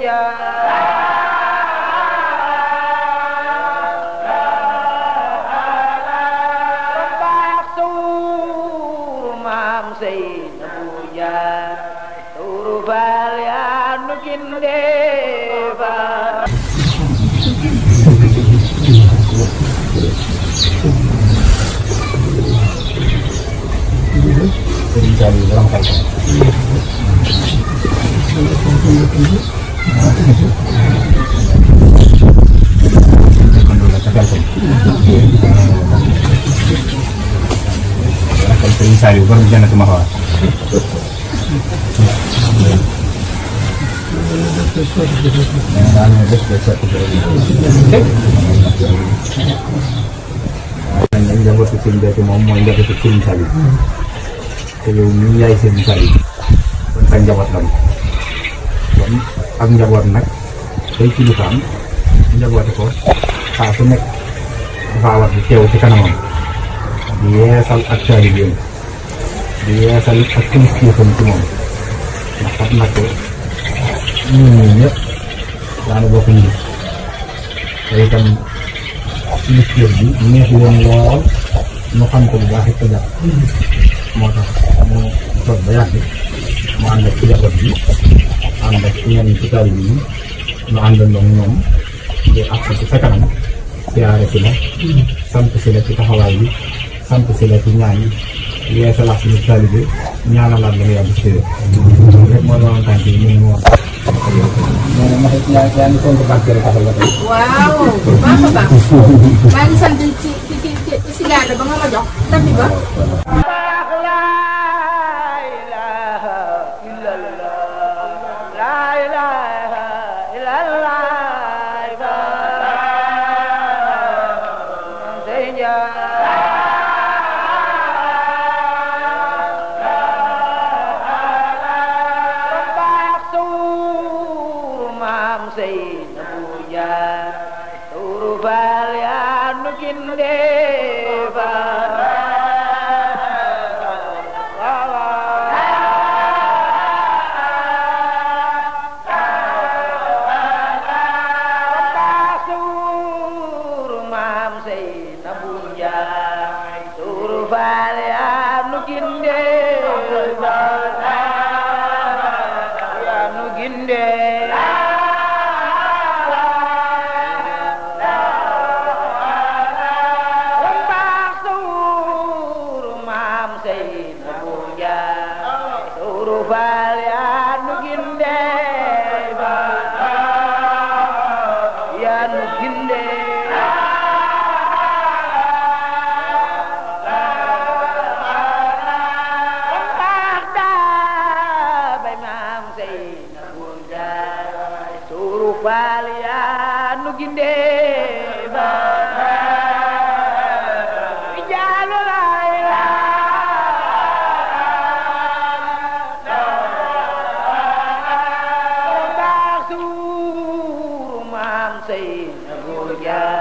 saja. Tempat tur mamsin puja Turu balian kinde Jadi kami dalam Kali sayu baru jangan cuma hawa. Yang jago kecil dia cuma mau yang jago kecil Kalau niai sekali, bukan jawab lagi. ak njaboot nag day kilifaam njaboote ko saa su nekk dafa war di teew ci kanamam di yeesal ak taalibeem di yeesal ak kilifteefam ci moom ndax kat Mbàkke ñun ñii ñëpp daana bokk njëg te itam kilifteef bi neex woon lool mu xam ko bu baax ko jàpp moo tax mu toog ba yàgg mu ànd ak ci njaboot ànd ak ñenn ci nong bi ñu àndandoo ñoom di àq ci sa kanam siyaare si la sant si la ci taxawaay bi sant si la ci ñaan yi yeesalaat suñu taalibe ñaanalaat la yàlla si rek mooy loolu tànk yi ñu woon waaw baax a baax faale yaa ah, nu ginde yaa nu ginde wambaax sawuru maam sayin bu jaay sawuru faale yaa ah, nu ginde yaa nu ginde baal yaa nu gindee ba Yeah.